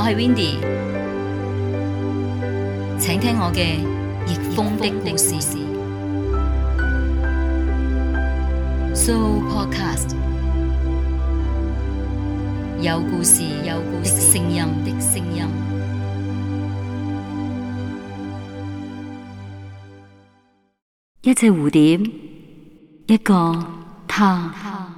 我係 Windy，請聽我嘅逆風的故事。So podcast 有故事有故事聲音的聲音，一隻蝴蝶，一個他。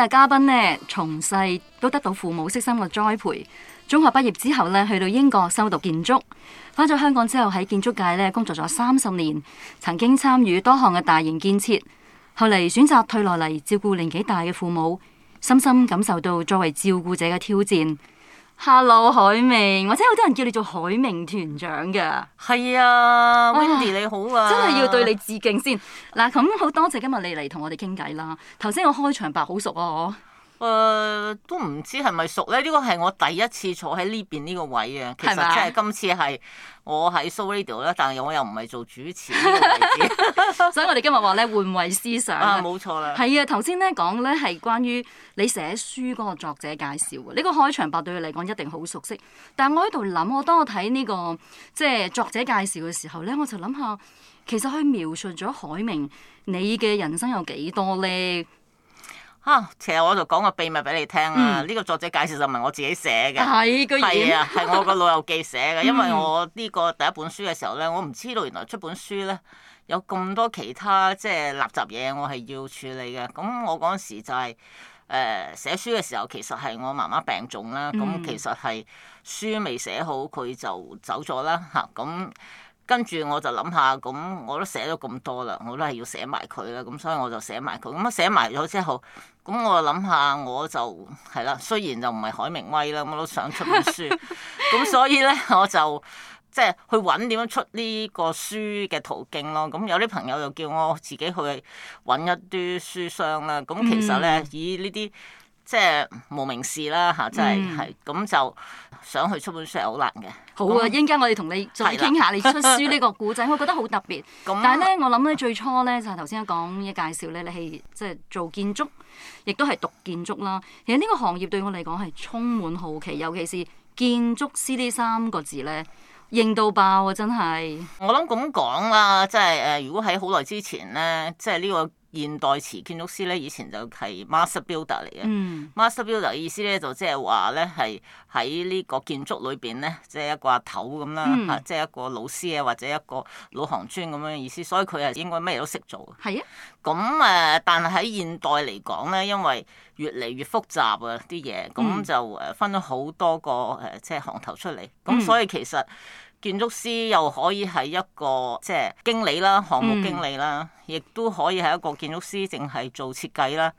大嘉賓咧，從細都得到父母悉心嘅栽培。中學畢業之後咧，去到英國修讀建築。翻咗香港之後，喺建築界咧工作咗三十年，曾經參與多項嘅大型建設。後嚟選擇退落嚟照顧年紀大嘅父母，深深感受到作為照顧者嘅挑戰。Hello，海明，或者好多人叫你做海明團長嘅，係啊，Wendy 哇你好啊，真係要對你致敬先。嗱，咁好多謝今日你嚟同我哋傾偈啦。頭先我開場白好熟啊，我。誒、呃、都唔知係咪熟咧？呢個係我第一次坐喺呢邊呢個位啊！其實真係今次係我喺 Soradio 但係我又唔係做主持呢個位置，所以我哋今日話咧換位思想啊！冇錯啦，係啊！頭先咧講咧係關於你寫書嗰個作者介紹啊！呢、這個開場白對你嚟講一定好熟悉，但係我喺度諗，我當我睇呢、這個即係作者介紹嘅時候咧，我就諗下其實佢描述咗海明你嘅人生有幾多咧？嚇、啊！其實我就講個秘密俾你聽啊。呢、嗯、個作者介紹就唔係我自己寫嘅，係的啊，係 我個老友記寫嘅。因為我呢個第一本書嘅時候咧，我唔知道原來出本書咧有咁多其他即係垃圾嘢，我係要處理嘅。咁我嗰時就係誒寫書嘅時候，其實係我媽媽病重啦。咁、嗯、其實係書未寫好，佢就走咗啦。嚇、啊！咁。跟住我就諗下，咁我都寫咗咁多啦，我都係要寫埋佢啦。咁所以我就寫埋佢。咁寫埋咗之後，咁我諗下，我就係啦，雖然就唔係海明威啦，我都想出本書。咁 所以咧，我就即係、就是、去揾點樣出呢個書嘅途徑咯。咁有啲朋友就叫我自己去揾一啲書商啦。咁其實咧，嗯、以呢啲。即係無名氏啦嚇，真係係咁就想去出本書，難好難的嘅。好啊那，一陣間，我哋同你再傾下是的 你出書呢個故仔， 我覺得好特別。嗯、但係咧，我諗咧最初咧就係頭先講嘅介紹咧，你係即係做建築，亦都係讀建築啦。其實呢個行業對我嚟講係充滿好奇，尤其是建築師呢三個字咧，認到爆啊！真係。我諗咁講啦，即係誒，如果喺好耐之前咧，即係呢、這個。現代詞建築師咧，以前就係 master builder 嚟嘅。嗯、master builder 意思咧，就即係話咧，係喺呢個建築裏邊咧，即、就、係、是、一個頭咁啦，即係、嗯啊就是、一個老師啊，或者一個老行專咁樣嘅意思。所以佢係應該咩都識做。係啊。咁誒，但係喺現代嚟講咧，因為越嚟越複雜啊啲嘢，咁就誒分咗好多個誒即係行頭出嚟。咁所以其實。建築師又可以係一個即係經理啦，項目經理啦，亦都、嗯、可以係一個建築師，淨係做設計啦，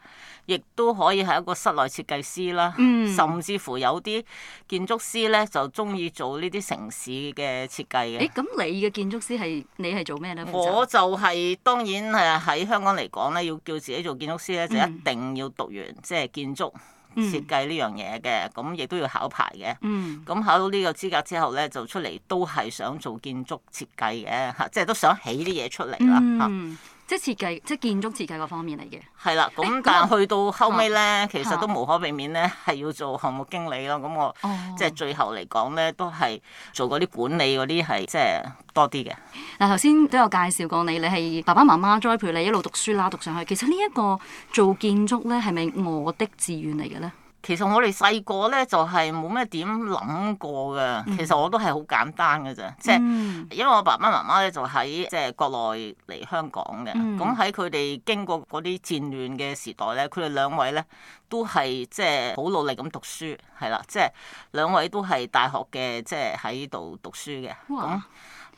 亦都可以係一個室內設計師啦，嗯、甚至乎有啲建築師呢，就中意做呢啲城市嘅設計嘅。咁、欸、你嘅建築師係你係做咩呢？我就係、係、當然誒喺香港嚟講呢，要叫自己做建築師呢，就一定要讀完、嗯、即係建築。設計呢樣嘢嘅，咁亦都要考牌嘅。咁、嗯、考到呢個資格之後咧，就出嚟都係想做建築設計嘅，嚇，即係都想起啲嘢出嚟啦，嚇、嗯。啊即係設計，即係建築設計嗰方面嚟嘅。係啦，咁、欸、但係去到後尾咧，啊、其實都無可避免咧，係要做項目經理咯。咁我、啊、即係最後嚟講咧，都係做嗰啲管理嗰啲係，即係多啲嘅。嗱、啊，頭先都有介紹過你，你係爸爸媽媽栽培你一路讀書啦，讀上去。其實呢一個做建築咧，係咪我的志願嚟嘅咧？其實我哋細個咧就係冇咩點諗過嘅，嗯、其實我都係好簡單嘅咋，即係、嗯、因為我爸爸媽媽咧就喺即係國內嚟香港嘅，咁喺佢哋經過嗰啲戰亂嘅時代咧，佢哋兩位咧都係即係好努力咁讀書，係啦，即、就、係、係、兩位都係大學嘅、就係哦 呃，即係喺度讀書嘅。咁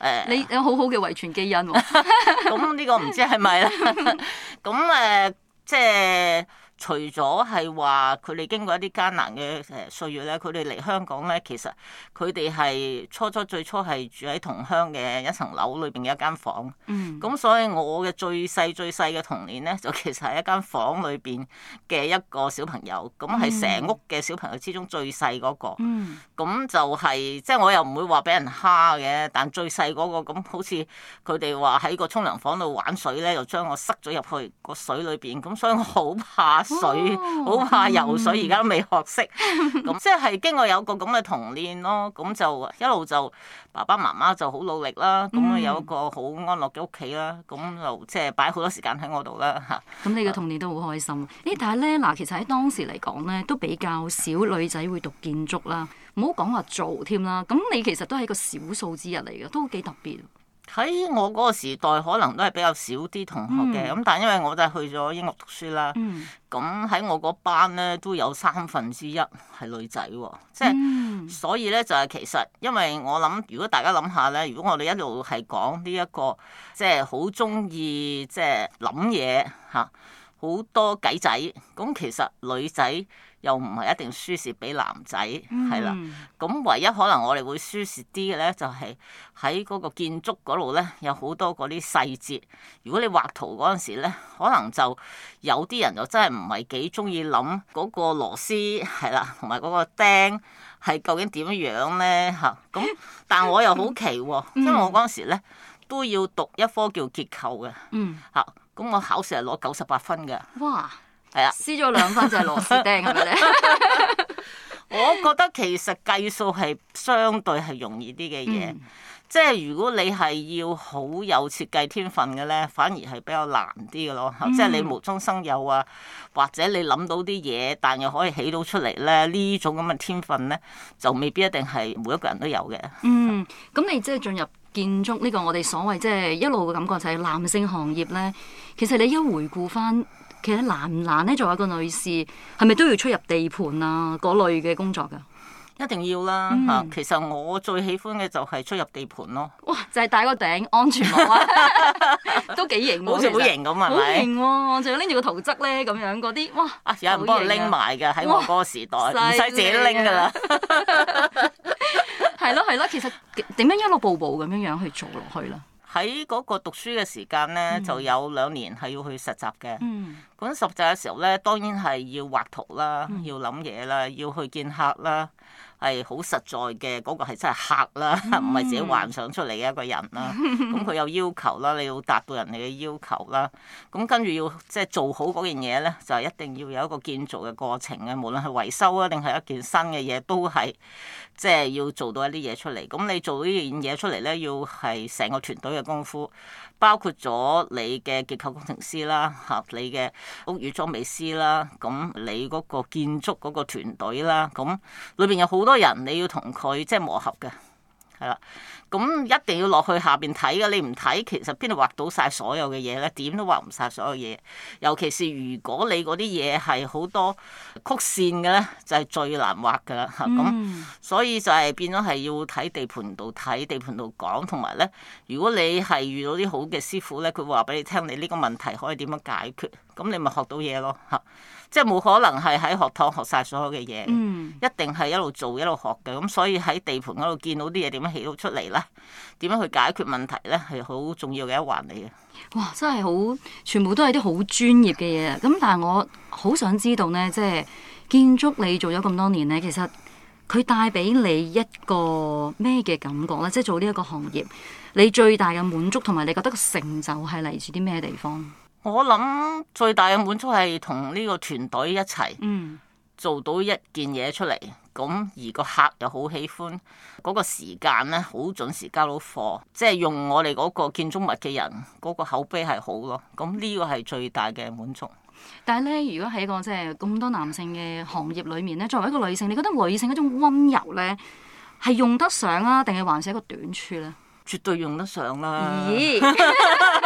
誒，你有好好嘅遺傳基因，咁呢個唔知係咪啦？咁誒，即係。除咗係話佢哋經過一啲艱難嘅誒歲月咧，佢哋嚟香港咧，其實佢哋係初初最初係住喺同鄉嘅一層樓裏邊嘅一間房。嗯，咁所以我嘅最細最細嘅童年咧，就其實係一間房裏邊嘅一個小朋友，咁係成屋嘅小朋友之中最細嗰個，嗯，咁就係即係我又唔會話俾人蝦嘅，但最細嗰個咁好似佢哋話喺個沖涼房度玩水咧，就將我塞咗入去個水裏邊，咁所以我好怕。水好怕游水，而家都未學識，咁 即係經過有個咁嘅童年咯。咁就一路就爸爸媽媽就好努力啦，咁啊有一個好安樂嘅屋企啦。咁就即係擺好多時間喺我度啦。嚇、嗯，咁 你嘅童年都好開心。誒，但係咧嗱，其實喺當時嚟講咧，都比較少女仔會讀建築啦。唔好講話做添啦。咁你其實都係一個少數之一嚟嘅，都幾特別。喺我嗰個時代，可能都係比較少啲同學嘅，咁、嗯、但係因為我就去咗英國讀書啦，咁喺、嗯、我嗰班咧都有三分之一係女仔喎，即係、嗯、所以咧就係其實，因為我諗，如果大家諗下咧，如果我哋一路係講呢一個即係好中意即係諗嘢吓，好、就是就是、多鬼仔，咁其實女仔。又唔係一定輸蝕俾男仔，係啦、嗯。咁唯一可能我哋會輸蝕啲嘅咧，就係喺嗰個建築嗰度咧，有好多嗰啲細節。如果你畫圖嗰陣時咧，可能就有啲人就真係唔係幾中意諗嗰個螺絲係啦，同埋嗰個釘係究竟點樣咧嚇？咁、啊，但我又好奇喎、啊， 嗯、因為我嗰陣時咧都要讀一科叫結構嘅，嚇咁、嗯啊、我考試係攞九十八分嘅。哇。係啊，撕咗兩分就係螺絲釘，係咪咧？ 我覺得其實計數係相對係容易啲嘅嘢。嗯、即係如果你係要好有設計天分嘅咧，反而係比較難啲嘅咯。嗯、即係你無中生有啊，或者你諗到啲嘢，但又可以起到出嚟咧，呢種咁嘅天分咧，就未必一定係每一個人都有嘅。嗯，咁你即係進入建築呢、這個我哋所謂即係一路嘅感覺就係男性行業咧，其實你一回顧翻。其實難唔難咧？做一個女士，係咪都要出入地盤啊？嗰類嘅工作噶、啊，一定要啦、嗯啊、其實我最喜歡嘅就係出入地盤咯。哇！就係、是、戴個頂安全帽啊， 都幾型、啊， 好似好型咁係咪？實好型喎、啊！仲不要拎住個圖則咧咁樣嗰啲哇、啊，有人幫你拎埋㗎？喺、啊、我嗰個時代唔使哇自己拎㗎啦。係咯係咯，其實點樣一路步步咁樣樣去做落去啦？喺嗰個讀書嘅時間咧，嗯、就有兩年係要去實習嘅。咁、嗯、實習嘅時候咧，當然係要畫圖啦，嗯、要諗嘢啦，要去見客啦，係好實在嘅。嗰、嗰個係真係客啦，唔係、嗯、 自己幻想出嚟嘅一個人啦。咁佢有要求啦，你要達到人哋嘅要求啦。咁跟住要即係、就係、做好嗰件嘢咧，就係一定要有一個建造嘅過程嘅，無論係維修啊定係一件新嘅嘢都係。即係要做到一啲嘢出嚟，咁你做呢樣嘢出嚟咧，要係成個團隊嘅功夫，包括咗你嘅結構工程師啦，嚇、啊、你嘅屋宇裝備師啦，咁你嗰個建築嗰個團隊啦，咁裏邊有好多人，你要同佢即係磨合嘅。係啦，咁一定要落去下邊睇噶。你唔睇，其實邊度畫到晒所有嘅嘢咧？點都畫唔晒所有嘢，尤其是如果你嗰啲嘢係好多曲線嘅咧，就係、是、最難畫噶啦。咁、嗯、所以就係變咗係要睇地盤度，睇地盤度講，同埋咧，如果你係遇到啲好嘅師傅咧，佢話俾你聽你呢個問題可以點樣解決，咁你咪學到嘢咯吓。即係冇可能係喺學堂學晒所有嘅嘢。嗯、一定係一路做一路學嘅。咁所以喺地盤嗰度見到啲嘢點樣起到出嚟咧？點樣去解決問題咧，係好重要嘅一環嚟嘅。哇，真係好，全部都係啲好專業嘅嘢。咁但係我好想知道咧，即係建築你做咗咁多年咧，其實佢帶俾你一個咩嘅感覺咧？即係做呢一個行業，你最大嘅滿足同埋你覺得個成就係嚟自啲咩地方？我諗最大嘅滿足係同呢個團隊一齊做到一件嘢出嚟，咁、嗯、而個客又好喜歡嗰、那個時間咧，好準時交到貨，即係用我哋嗰個建築物嘅人嗰、那個口碑係好咯。咁呢個係最大嘅滿足。但係咧，如果喺個即係咁多男性嘅行業裏面咧，作為一個女性，你覺得女性嗰種溫柔咧係用得上啊，定係還是一個短處咧？絕對用得上啦！咦。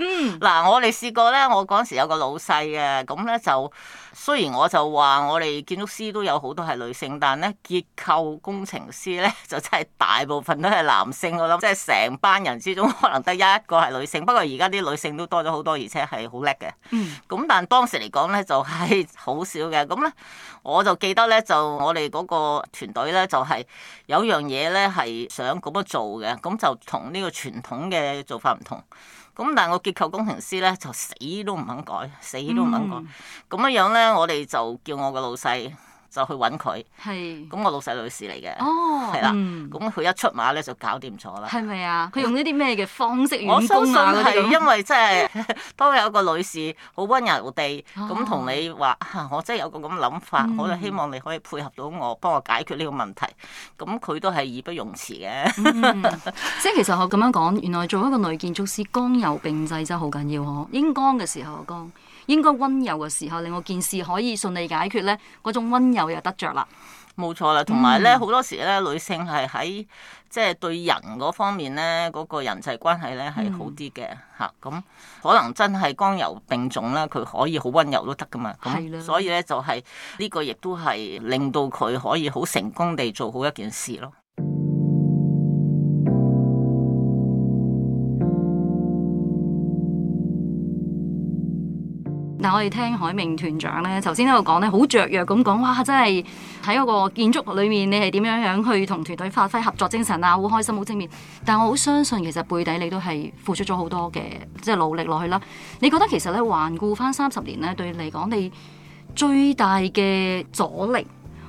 嗱、 嗯，我哋試過咧，我陣時有個老細嘅，咁咧就雖然我就話我哋建築師都有好多係女性，但係咧結構工程師咧就真係大部分都係男性。我諗即係成班人之中可能得一個係女性，不過而家啲女性都多咗好多，而且係好叻嘅。咁、嗯、但當時嚟講咧就係、是、好少嘅，咁咧我就記得咧就我哋個團隊咧就係、是、有樣嘢咧係想咁樣做嘅，咁就同呢個傳統嘅做法。唔同咁，但係我結構工程師咧就死都唔肯改，死都唔肯改。咁、嗯、樣樣咧，我哋就叫我個老細。就去揾佢，咁是我老細女士嚟嘅，哦，係啦的，咁佢、嗯、一出馬咧就搞掂咗啦，係咪啊？佢用呢啲咩嘅方式、啊、我相信係因為真係當 有一個女士好温柔地咁同、哦、你話，我真係有個咁諗法，嗯、我就希望你可以配合到我，幫我解決呢個問題。咁佢都係義不容辭嘅、嗯 嗯。即係其實我咁樣講，原來做一個女建築師，剛柔並濟真係好緊要呵。應剛嘅時候，剛、啊。啊啊應該温柔嘅時候令我件事可以順利解決咧，嗰種温柔又得着啦。冇錯啦，同埋咧好多時咧女性係喺即係對人嗰方面咧嗰、那個人際關係咧係好啲嘅嚇，咁、嗯嗯、可能真係剛柔並重啦，佢可以好温柔都得㗎嘛。係啦的，所以咧就係、是、呢個亦都係令到佢可以好成功地做好一件事咯。嗱，但我哋聽海明團長咧，頭先喺度講咧，好雀躍咁講，哇！真係喺嗰個建築裏面，你係點樣樣去同團隊發揮合作精神啊？好開心，好正面。但係我好相信，其實背底你都係付出咗好多嘅，即係努力落去啦。你覺得其實咧，環顧返三十年咧，對你嚟講，你最大嘅阻力，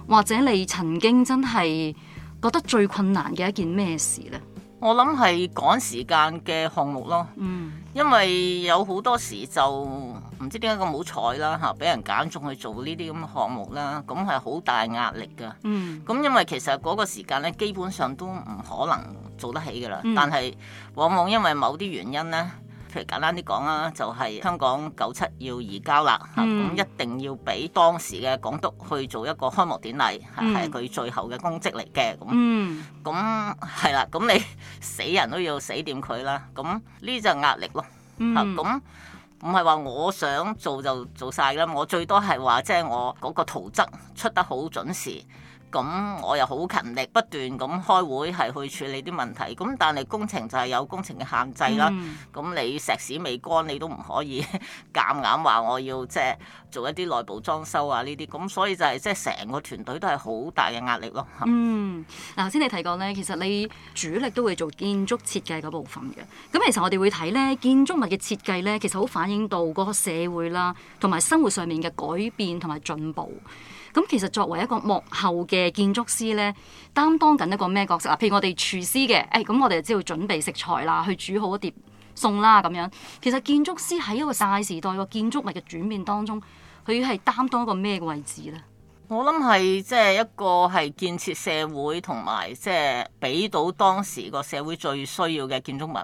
或者你曾經真係覺得最困難嘅一件咩事呢？我諗係趕時間嘅項目咯。嗯。因為有好多時就唔知點解咁冇彩啦吓，俾人揀中去做呢啲咁嘅項目啦，咁係好大壓力噶。咁、嗯、因為其實嗰個時間咧，基本上都唔可能做得起噶啦。嗯、但係往往因為某啲原因咧。譬如簡單啲講啊，就係、是、香港九七要移交啦，咁、嗯、一定要俾當時嘅港督去做一個開幕典禮，係佢最後嘅功績嚟嘅，咁，咁係啦，咁你死人都要死掂佢啦，咁呢就壓力咯，咁唔係話我想做就做晒啦，我最多係話即係我嗰個圖則出得好準時。咁我又好勤力，不斷咁開會係去處理啲問題。咁但係工程就係有工程嘅限制啦。咁、嗯、你石屎未乾，你都唔可以夾硬話我要即係做一啲內部裝修啊呢啲。咁所以就係、是、即係成個團隊都係好大嘅壓力咯。嗯，嗱頭先你提過咧，其實你主力都會做建築設計嗰部分嘅。咁其實我哋會睇咧建築物嘅設計咧，其實好反映到個社會啦，同埋生活上面嘅改變同埋進步。咁其實作為一個幕後嘅建築師咧，擔當緊一個咩角色啊？譬如我哋廚師嘅，誒、哎、咁我哋就知道準備食材啦，去煮好一碟餸啦咁樣。其實建築師喺一個大時代個建築物嘅轉變當中，佢係擔當一個咩嘅位置咧？我諗係即係一個係建設社會同埋，即係俾到當時個社會最需要嘅建築物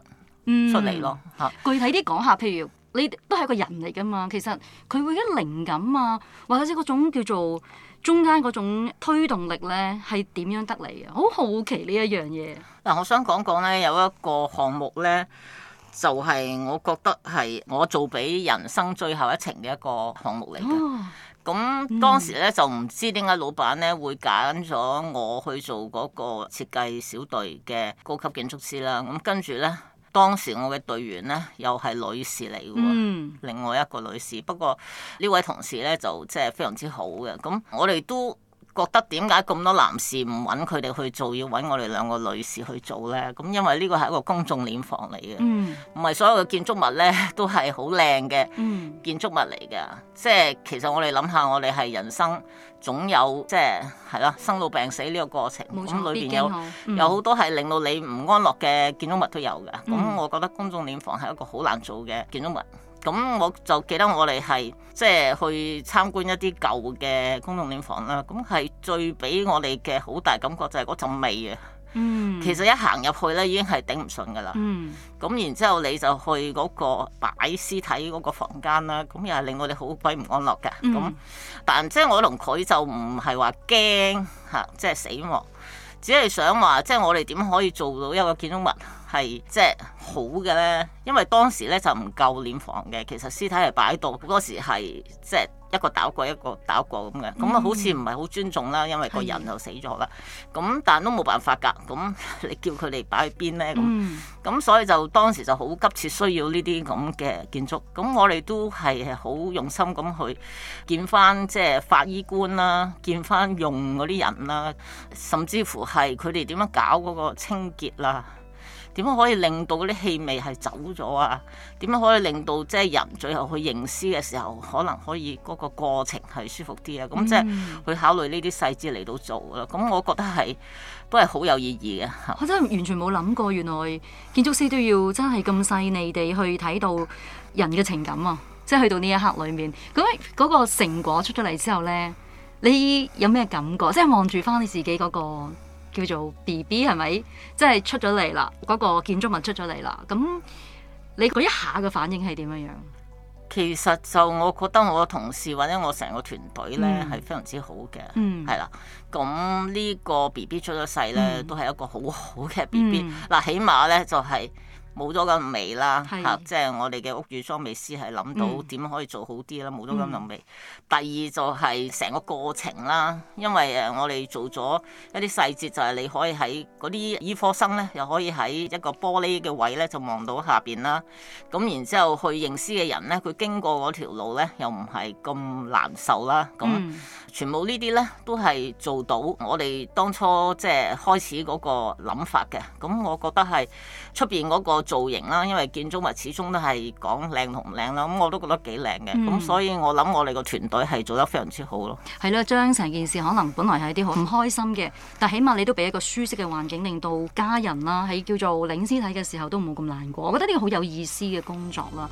出嚟咯。嚇、嗯，啊、具體啲講下，譬如。你都係一個人嚟噶嘛？其實佢會啲靈感啊，或者嗰種叫做中間嗰種推動力咧，係點樣得嚟啊？好好奇呢一樣嘢。嗱，我想講講咧，有一個項目咧，就係我覺得係我做俾人生最後一程嘅一個項目嚟嘅。咁、哦、當時咧就唔知點解老闆咧會揀咗我去做嗰個設計小隊嘅高級建築師啦。咁跟住咧。當時我嘅隊員咧，又係女士嚟喎，嗯、另外一個女士。不過呢位同事咧，就真係非常之好嘅。咁我哋都覺得點解咁多男士唔揾佢哋去做，要揾我哋兩個女士去做咧？咁因為呢個係一個公眾殮房嚟嘅，唔係、嗯、所有嘅建築物咧都係好靚嘅建築物嚟嘅。嗯、即係其實我哋諗下，我哋係人生，總有即係係咯，生老病死呢個過程，裏邊有有好多係令到你唔安樂嘅建築物都有嘅。咁、嗯、我覺得公眾殮房係一個好難做嘅建築物。咁我就記得我哋係即係去參觀一啲舊嘅公眾殮房啦。咁係最俾我哋嘅好大感覺就係嗰陣味啊！嗯，其實一行入去咧，已經係頂唔順噶啦。嗯，咁然之後你就去嗰個擺屍體嗰個房間啦，咁又係令我哋好鬼唔安樂噶。咁、嗯、但即係我同佢就唔係話驚嚇，即係、啊、死亡，只係想話即係我哋點可以做到一個建築物係即係好嘅咧？因為當時咧就唔夠殮房嘅，其實屍體係擺到好多時即係。一個打過一個打過咁嘅，咁啊、嗯、好似唔係好尊重啦，因為個人就死咗啦。咁的但都冇辦法噶，咁你叫佢哋擺去邊咧？咁、咁、嗯、所以就當時就好急切需要呢啲咁嘅建築。咁我哋都係好用心咁去見翻，即係法醫官啦，見翻用嗰啲人啦，甚至乎係佢哋點樣搞嗰個清潔啦。點樣可以令到啲氣味係走咗啊？點樣可以令到即係人最後去認屍嘅時候，可能可以嗰個過程係舒服啲啊？咁即係去考慮呢啲細節嚟到做咯。咁我覺得係都係好有意義嘅。我真係完全冇諗過，原來建築師都要真係咁細膩地去睇到人嘅情感啊！即係去到呢一刻裏面，咁嗰個成果出咗嚟之後呢，你有咩感覺？即係望住翻你自己嗰個。叫做 B B 係咪？即係出咗嚟啦，嗰、那個建築物出咗嚟啦。咁你嗰一下嘅反應係點樣樣？其實就我覺得我同事或者我成個團隊咧係非常之好嘅，係啦、嗯。咁呢個 B B 出咗世咧，嗯、都係一個好好嘅 B B。嗱、嗯，起碼咧就係、是。冇咗咁味啦，嚇！是即係我哋嘅屋宇裝備師係諗到點可以做好啲啦，冇咗咁冧味。第二就係成個過程啦，因為誒我哋做咗一啲細節，就係、是、你可以喺嗰啲醫科生咧，又可以喺一個玻璃嘅位咧就望到下邊啦。咁然之後去認屍嘅人咧，佢經過嗰條路咧又唔係咁難受啦。咁。嗯。全部呢啲呢都係做到我哋當初即係開始嗰個諗法嘅，咁我覺得係出邊嗰個造型啦，因為建築物始終都係講靚同唔靚啦，咁我都覺得幾靚嘅，咁、嗯、所以我諗我哋個團隊係做得非常之好咯。係咯，將成件事可能本來係啲好唔開心嘅，但起碼你都俾一個舒適嘅環境，令到家人啦喺叫做領屍體嘅時候都冇咁難過。我覺得呢個好有意思嘅工作啦。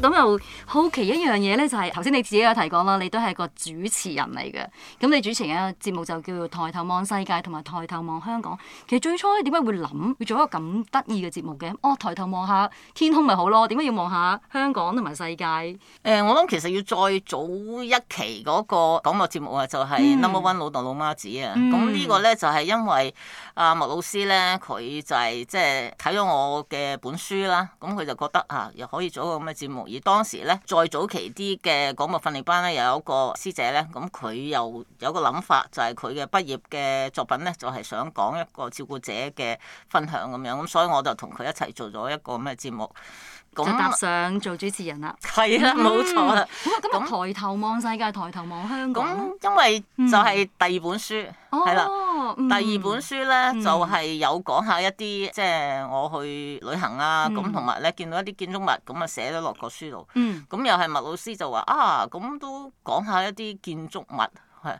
咁又好奇一樣嘢咧，就係頭先你自己有提過啦，你都係個主持人嚟嘅。咁你主持嘅節目就叫做《抬頭望世界》同埋《抬頭望香港》。其實最初咧，你點解會諗要做一個咁得意嘅節目嘅？哦，抬頭望下天空咪好咯，點解要望下香港同埋世界？誒、呃，我諗其實要再早一期嗰個講話節目啊，就係 Number One 老豆老媽子啊。咁呢個咧就係因為啊麥老師咧，佢就係即係睇咗我嘅本書啦。咁佢就覺得啊，又可以做一個咁嘅節目。而當時咧，再早期啲嘅廣播訓練班咧，有一個師姐咧，咁佢又有個諗法，就係佢嘅畢業嘅作品咧，就係、是、想講一個照顧者嘅分享咁樣，咁所以我就同佢一齊做咗一個咁嘅節目。就搭上做主持人啦，係啦，冇錯啦。咁，抬頭望世界，抬頭望香港，因為就係第二本書，係啦，第二本書咧就係有講下一啲即係我去旅行啦，咁同埋咧見到一啲建築物咁啊寫咗落個書度。咁又係麥老師就話啊，咁都講下一啲建築物係。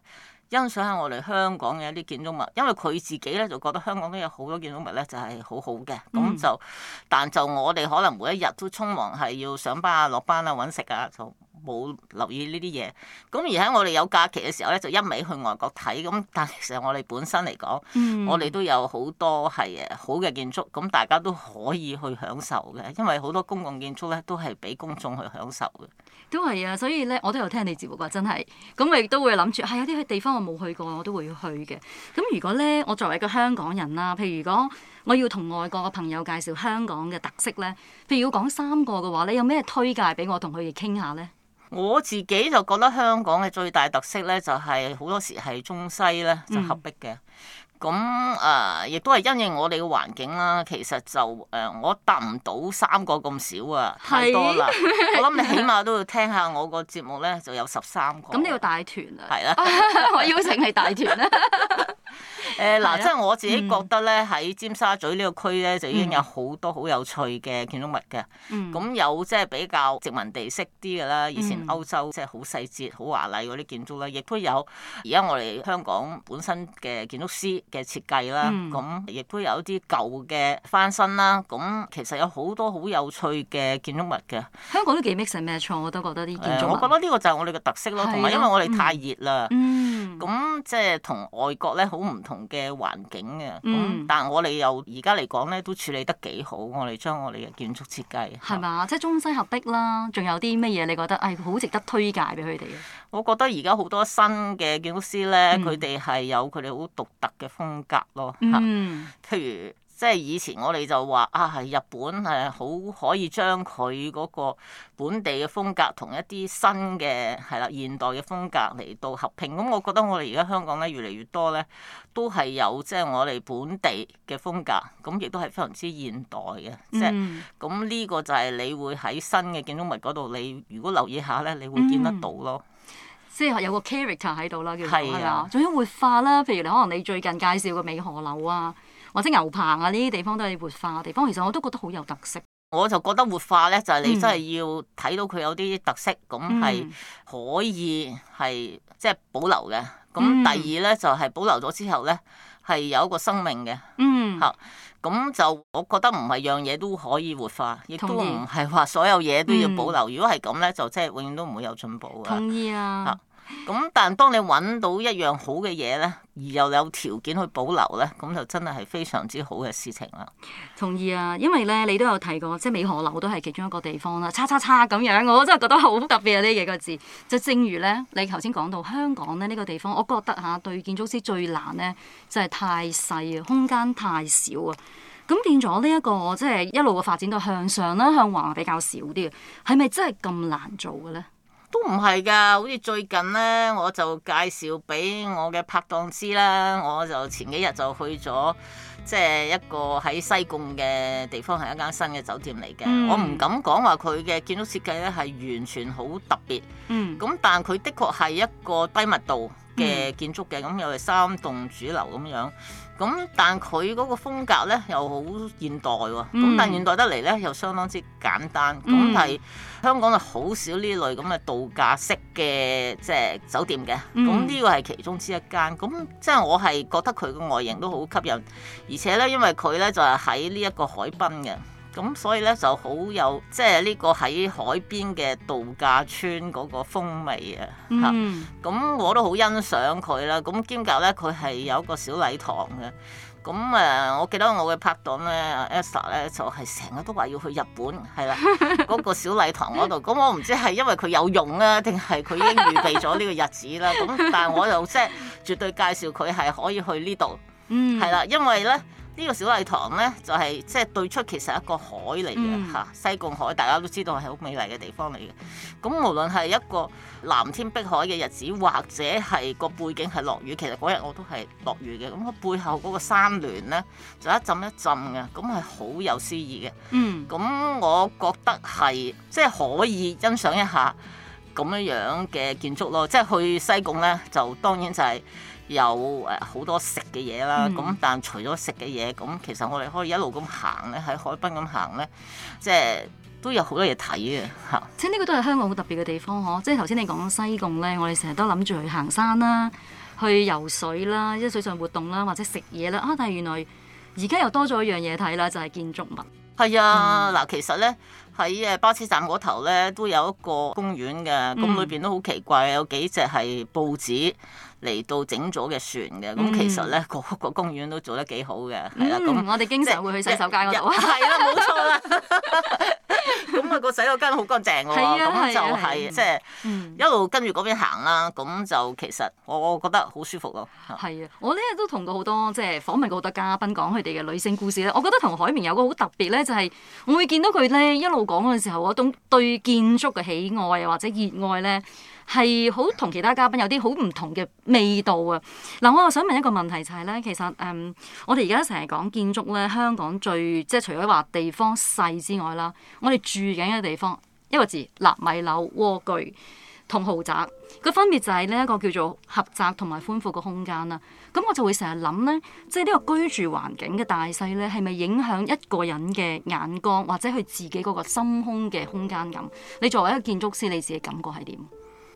欣賞下我哋香港嘅一啲建築物，因為佢自己咧就覺得香港都有好多建築物咧就係、是、好好嘅，咁就、嗯、但就我哋可能每一日都匆忙係要上班啊、落班啊、搵食啊，就冇留意呢啲嘢。咁而喺我哋有假期嘅時候咧，就一味去外國睇。咁但其實我哋本身嚟講，嗯、我哋都有多好多係誒好嘅建築，咁大家都可以去享受嘅，因為好多公共建築咧都係俾公眾去享受嘅。都係啊，所以咧，我都有聽你哋節目啊，真係。咁我亦都會諗住，係、哎、有啲地方我冇去過，我都會去嘅。咁如果咧，我作為一個香港人啦、啊，譬如，如果我要同外國嘅朋友介紹香港嘅特色咧，譬如要講三個嘅話，你有咩推介俾我同佢哋傾下咧？我自己就覺得香港嘅最大特色咧，就係、是、好多時係中西咧就合璧嘅。嗯咁誒、呃，亦都係因應我哋嘅環境啦。其實就誒、呃，我答唔到三個咁少啊，太多啦。是我諗你起碼都要聽下我個節目咧，就有十三個。咁你要大團啊？係啦、啊， 我邀請你大團啦、啊。 誒嗱、嗯呃，即係我自己覺得咧，喺尖沙咀個區呢個區咧，就已經有好多好有趣嘅建築物嘅。咁、嗯、有即係比較殖民地式啲嘅啦，以前歐洲即係好細節、好華麗嗰啲建築啦，亦都有。而家我哋香港本身嘅建築師嘅設計啦，咁亦都有啲舊嘅翻新啦。咁其實有好多好有趣嘅建築物嘅。香港都幾 mix and match, 我都覺得呢建築物、呃、我覺得呢個就係我哋嘅特色咯，同埋因為我哋太熱啦。咁、嗯、即係同外國咧好唔同。嘅環境嘅，嗯、但係我哋又而家嚟講咧，都處理得幾好。我哋將我哋嘅建築設計係咪，即係、即係、中西合璧啦，仲有啲乜嘢？你覺得係好、哎、值得推介俾佢哋？我覺得而家好多新嘅建築師咧，佢哋係有佢哋好獨特嘅風格咯。嗯，譬如。即係以前我哋就話啊，係日本誒，好可以將佢嗰個本地嘅風格同一啲新嘅，係啦，現代嘅風格嚟到合併。咁我覺得我哋而家香港咧越嚟越多咧，都係有即係、就是、我哋本地嘅風格，咁亦都係非常之現代嘅。即係咁呢個就係你會喺新嘅建築物嗰度，你如果留意下咧，你會見得到咯。嗯、即係有個 character 喺度啦，叫做係啊。仲有活化啦，譬如你可能你最近介紹嘅美荷樓啊。或者牛棚啊，呢啲地方都係活化嘅地方，其實我都覺得好有特色。我就覺得活化咧，就係、是、你真係要睇到佢有啲特色，咁係、嗯、可以係即係保留嘅。咁第二咧、嗯、就係保留咗之後咧，係有一個生命嘅。嗯。嚇，咁就我覺得唔係樣嘢都可以活化，亦都唔係話所有嘢都要保留。嗯、如果係咁咧，就即係永遠都唔會有進步㗎。同意啊。咁但係當你揾到一樣好嘅嘢咧，而又有條件去保留咧，咁就真係係非常之好嘅事情啦。同意啊，因為咧你都有提過，即係美荷樓都係其中一個地方啦。叉叉叉咁樣，我真係覺得好特別啊！呢幾個字就正如咧，你頭先講到香港咧呢、這個地方，我覺得吓對建築師最難咧真係太細啊，空間太少啊。咁變咗呢一個即係、就是、一路嘅發展到向上啦，向橫比較少啲嘅，係咪真係咁難做嘅咧？都唔係㗎，好似最近咧，我就介紹俾我嘅拍檔知啦，我就前幾日就去咗，即係一個喺西貢嘅地方，係一間新嘅酒店嚟嘅。嗯、我唔敢講話佢嘅建築設計咧係完全好特別，咁、嗯、但佢的確係一個低密度嘅建築嘅，咁又係三棟主樓咁樣。咁但佢嗰個風格咧又好現代喎，咁但現代得嚟咧又相當之簡單，咁係、嗯、香港就好少呢類咁嘅度假式嘅即係酒店嘅，咁呢個係其中之一間，咁即係我係覺得佢嘅外形都好吸引，而且咧因為佢咧就係喺呢一個海濱嘅。咁所以咧就好有即係呢個喺海邊嘅度假村嗰個風味啊！咁、嗯啊、我都好欣賞佢啦。咁兼夾咧佢係有一個小禮堂嘅。咁、啊、誒，我記得我嘅拍檔咧，Esther 咧就係成日都話要去日本，係啦，嗰、嗰個小禮堂嗰度。咁我唔知係因為佢有用啊，定係佢已經預備咗呢個日子啦。咁但係我就即係絕對介紹佢係可以去呢度，係、嗯、啦，因為咧。呢個小禮堂呢，就係即係對出其實一個海嚟嘅嚇，嗯、西貢海大家都知道係好美麗嘅地方嚟嘅。咁無論係一個藍天碧海嘅日子，或者係個背景係落雨，其實嗰日我都係落雨嘅。咁佢背後嗰個山巒呢，就一浸一浸嘅，咁係好有詩意嘅。咁、嗯、我覺得係即係可以欣賞一下咁樣樣嘅建築咯。即係去西貢呢，就當然就係、是。有誒好、呃、多食嘅嘢啦，咁、嗯、但係除咗食嘅嘢，咁、嗯、其實我哋可以一路咁行咧，喺海濱咁行咧，即係都有好多嘢睇嘅嚇。即係呢個都係香港好特別嘅地方呵！即係頭先你講西貢咧，我哋成日都諗住去行山啦、去游水啦、即水上活動啦，或者食嘢啦啊！但係原來而家又多咗一樣嘢睇啦，就係、是、建築物。係啊，嗱、嗯，其實咧喺誒巴士站嗰頭咧，都有一個公園嘅，公園裏邊都好奇怪，有幾隻係報紙。嗯嗯嚟到整咗嘅船嘅，咁其實咧個、嗯、個公園都做得幾好嘅，係啦、嗯啊。咁、嗯、我哋經常會去洗手間嗰度 啊，係啦，冇錯啦。咁 啊個洗手間好乾淨㗎、啊、喎，咁、啊、就係即係一路跟住嗰邊行啦。咁就其實我覺得好舒服咯、啊。係啊，我呢日都同過好多即係訪問過好多嘉賓講佢哋嘅女性故事咧。我覺得同海綿有個好特別咧，就係、是、我會見到佢咧一路講嘅時候，嗰種對建築嘅喜愛或者熱愛咧。係好同其他嘉賓有啲好唔同嘅味道啊！嗱，我又想問一個問題，就係咧，其實誒、嗯，我哋而家成日講建築咧，香港最即係除咗話地方細之外啦，我哋住緊嘅地方一個字，納米樓、蝸居同豪宅，佢分別就係呢一個叫做狹窄同埋寬闊嘅空間啦。咁我就會成日諗咧，即係呢個居住環境嘅大細咧，係咪影響一個人嘅眼光或者佢自己嗰個心胸嘅空間感？你作為一個建築師，你自己感覺係點？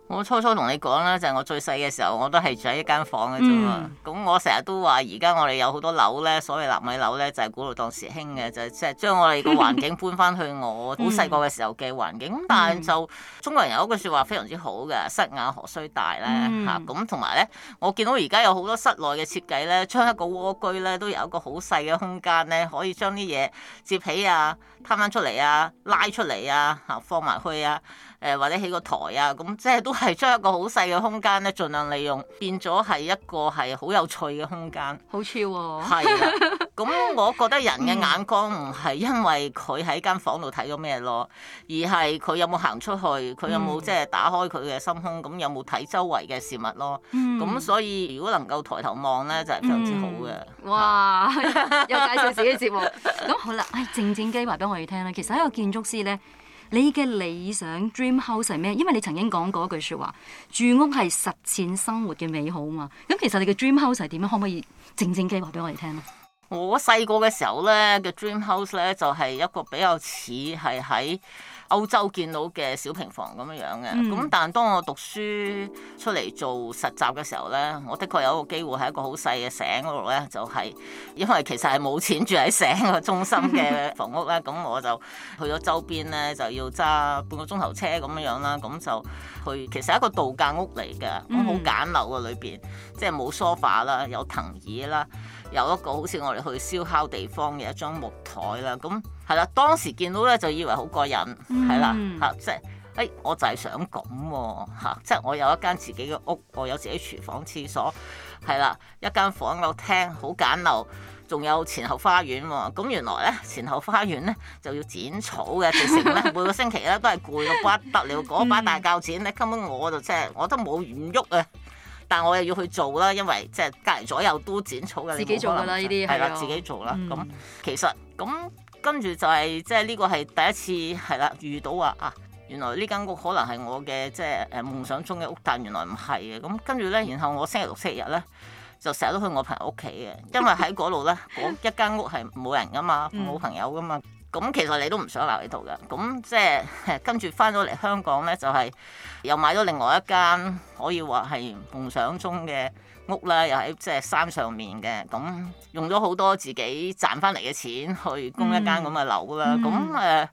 我初初同你講啦，就係我最細嘅時候，我都係住喺一間房嘅啫嘛。咁我成日都話，而家我哋有好多樓咧，所謂納米樓咧，就係古老當時興嘅，就即係將我哋個環境搬翻去我好細個嘅時候嘅環境。咁但就中國人有一句説話非常之好嘅，室雅何須大咧嚇。咁同埋咧，我見到而家有好多室內嘅設計咧，將一個蝸居咧，都有一個好細嘅空間咧，可以將啲嘢摺起啊，攤翻出嚟啊，拉出嚟啊，嚇放埋去啊。誒或者起個台啊，咁即係都係將一個好細嘅空間咧，盡量利用變咗係一個係好有趣嘅空間。好超喎！係啦的，咁 我覺得人嘅眼光唔係因為佢喺間房度睇到咩咯，而係佢有冇行出去，佢有冇即係打開佢嘅心胸，咁、嗯、有冇睇周圍嘅事物咯？咁、嗯、所以如果能夠抬頭望咧，就係非常之好嘅、嗯。哇！是 又介紹自己嘅節目咁 好啦，誒靜靜雞話俾我哋聽啦，其實係個建築師咧。你嘅理想 dream house 係咩？因為你曾經講過一句說話，住屋係實踐生活嘅美好嘛。咁其實你嘅 dream house 係點樣？可唔可以靜靜雞講俾我哋聽咧？我細個嘅時候咧嘅 dream house 咧就係一個比較似係喺，歐洲見到嘅小平房咁樣樣嘅，咁、嗯、但係當我讀書出嚟做實習嘅時候呢，我的確有個機會喺一個好細嘅城嗰度咧，就係、是、因為其實係冇錢住喺城個中心嘅房屋啦。咁 我就去咗周邊呢，就要揸半個鐘頭車咁樣樣啦，咁就去其實一個度假屋嚟嘅，好簡陋嘅裏邊，嗯、即係冇梳化 f 啦，有藤椅啦。有一個好似我哋去燒烤地方嘅一張木枱啦，咁係啦，當時見到咧就以為好過癮，係啦，嚇，即係，哎，我就係想咁喎、啊，即係我有一間自己嘅屋，我有自己廚房、廁所，係啦，一間房有廳，好簡陋，仲有前後花園喎、啊，咁原來咧前後花園咧就要剪草嘅，直成咧 每個星期咧都係攰到不得了，嗰把大鉸剪咧，根本我就真係我，我都冇願喐啊！但我又要去做啦，因為即係隔離左右都剪草嘅，自己做噶啦，呢啲係啦，自己做啦。咁、嗯、其實咁跟住就係即係呢個係第一次係啦，遇到話啊，原來呢間屋可能係我嘅即係誒夢想中嘅屋，但原來唔係嘅。咁跟住咧，然後我星期六、星期日咧就成日都去我朋友屋企嘅，因為喺嗰度咧，我 一間屋係冇人噶嘛，冇朋友噶嘛。咁其實你都唔想留喺度㗎，咁即係跟住返咗嚟香港咧，就係、是、又買咗另外一間可以話係夢想中嘅屋啦，又喺即係山上面嘅，咁用咗好多自己賺返嚟嘅錢去供一間咁嘅樓啦，咁誒、嗯，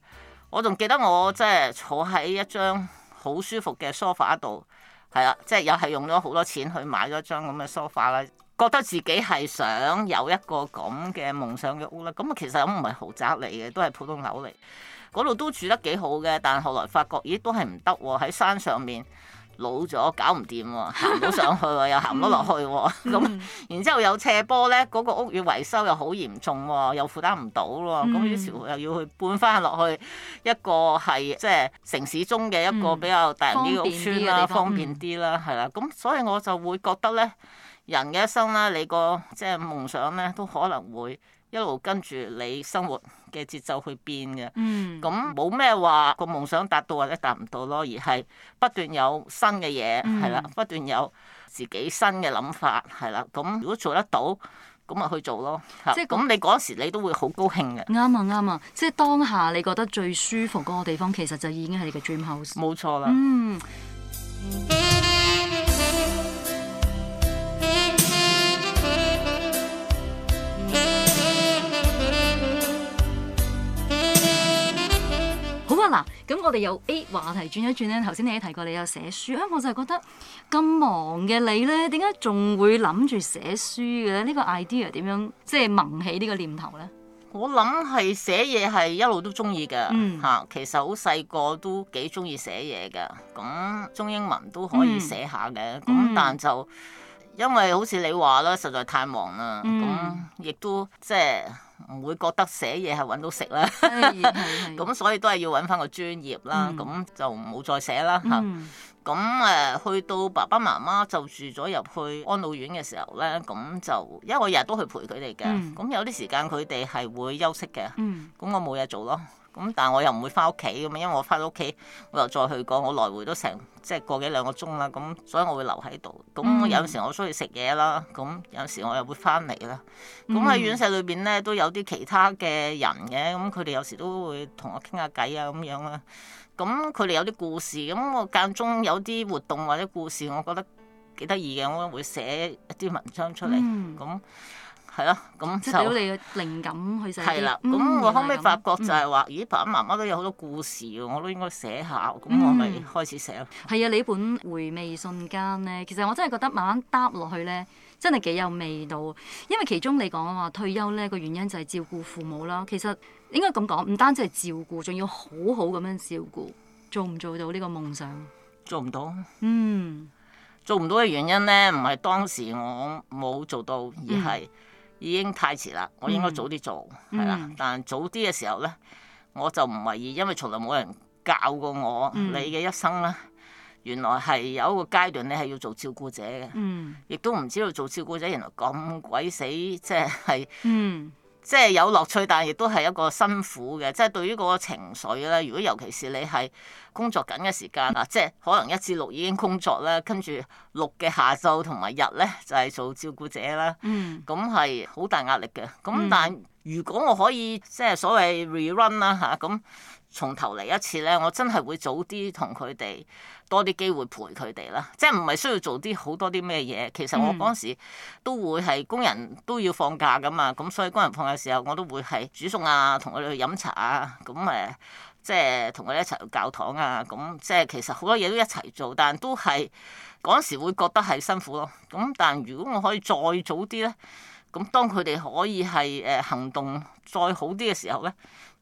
我仲記得我即係坐喺一張好舒服嘅 sofa 度，係啦、啊，即、就、係、是、又係用咗好多錢去買咗張咁嘅 sofa 啦。覺得自己係想有一個咁嘅夢想嘅屋啦，咁啊其實咁唔係豪宅嚟嘅，都係普通樓嚟。嗰度都住得幾好嘅，但後來發覺咦都係唔得喎，喺山上面老咗，搞唔掂喎，行唔到上去又行唔到落去喎。咁然之後有斜坡咧，嗰、那個屋要維修又好嚴重喎，又負擔唔到咯。咁、嗯、於是乎又要去搬翻落去一個係即係城市中嘅一個比較大啲嘅屋村啦，方便啲啦，係啦。咁、嗯嗯、所，所以我就會覺得咧。人嘅一生啦，你個即係夢想咧，都可能會一路跟住你生活嘅節奏去變嘅。咁冇咩話個夢想達到或者達唔到，到咯，而係不斷有新嘅嘢係啦，不斷有自己新嘅諗法係啦。咁如果做得到，咁咪去做咯。即係咁、嗰個，你嗰時你都會好高興嘅。啱啊啱啊！即係當下你覺得最舒服嗰個地方，其實就已經係你嘅 dream house。冇錯啦。嗯。咁我哋由 A 話題轉一轉咧，頭先你都提過你有寫書，咁我就覺得咁忙嘅你咧，點解仲會諗住寫書嘅咧？呢個 idea 點樣即係萌起呢個念頭咧？我諗係寫嘢係一路都中意嘅。嚇、嗯，其實好細個都幾中意寫嘢嘅，咁中英文都可以寫下嘅，咁、嗯、但就因為好似你話啦，實在太忙啦，咁亦都即係。唔會覺得寫嘢係揾到食啦，咁所以都係要揾翻個專業啦，咁、嗯、就冇再寫啦嚇。咁誒、嗯啊，去到爸爸媽媽就住咗入去安老院嘅時候咧，咁就因為我日日都去陪佢哋嘅，咁、嗯、有啲時間佢哋係會休息嘅，咁、嗯、我冇嘢做咯。咁，但係我又唔會翻屋企咁啊，因為我翻到屋企，我又再去過，我來回都成即係個幾兩個鐘啦。咁，所以我會留喺度。咁有陣時我需要食嘢啦，咁有陣時我又會翻嚟啦。咁喺院舍裏邊咧都有啲其他嘅人嘅，咁佢哋有時都會同我傾下偈啊咁樣啦。咁佢哋有啲故事，咁我間中有啲活動或者故事，我覺得幾得意嘅，我都會寫一啲文章出嚟。咁、嗯。係咯，咁、啊、就俾到你嘅靈感去寫啲。係啦、啊，咁、嗯、我後尾發覺就係話，嗯、咦，爸爸媽媽都有好多故事我都應該寫下。咁、嗯、我咪開始寫啦。係啊，你本回味瞬間咧，其實我真係覺得慢慢嗒落去咧，真係幾有味道。因為其中你講話退休咧個原因就係照顧父母啦。其實應該咁講，唔單止係照顧，仲要好好咁樣照顧。做唔做到呢個夢想？做唔到。嗯。做唔到嘅原因咧，唔係當時我冇做到，而係、嗯。已經太遲啦，我應該早啲做，係啦、嗯。但早啲嘅時候咧，我就唔為意，因為從來冇人教過我。嗯、你嘅一生咧，原來係有一個階段，你係要做照顧者嘅，亦都唔知道做照顧者原來咁鬼死，即係、係。嗯。即係有樂趣，但係亦都係一個辛苦嘅。即係對於嗰個情緒咧，如果尤其是你係工作緊嘅時間啊，即係可能一至六已經工作啦，跟住六嘅下晝同埋日咧就係、是、做照顧者啦。嗯，咁係好大壓力嘅。咁但係如果我可以即係所謂 re-run 啦嚇，咁從頭嚟一次咧，我真係會早啲同佢哋。多啲機會陪佢哋啦，即係唔係需要做啲好多啲咩嘢？其實我嗰陣時都會係工人都要放假㗎嘛，咁所以工人放假時候我都會係煮餸啊，同佢哋去飲茶啊，咁、嗯、誒即係同佢哋一齊去教堂啊，咁、嗯、即係其實好多嘢都一齊做，但都係嗰陣時會覺得係辛苦咯。咁但如果我可以再早啲咧，咁當佢哋可以係誒行動再好啲嘅時候咧。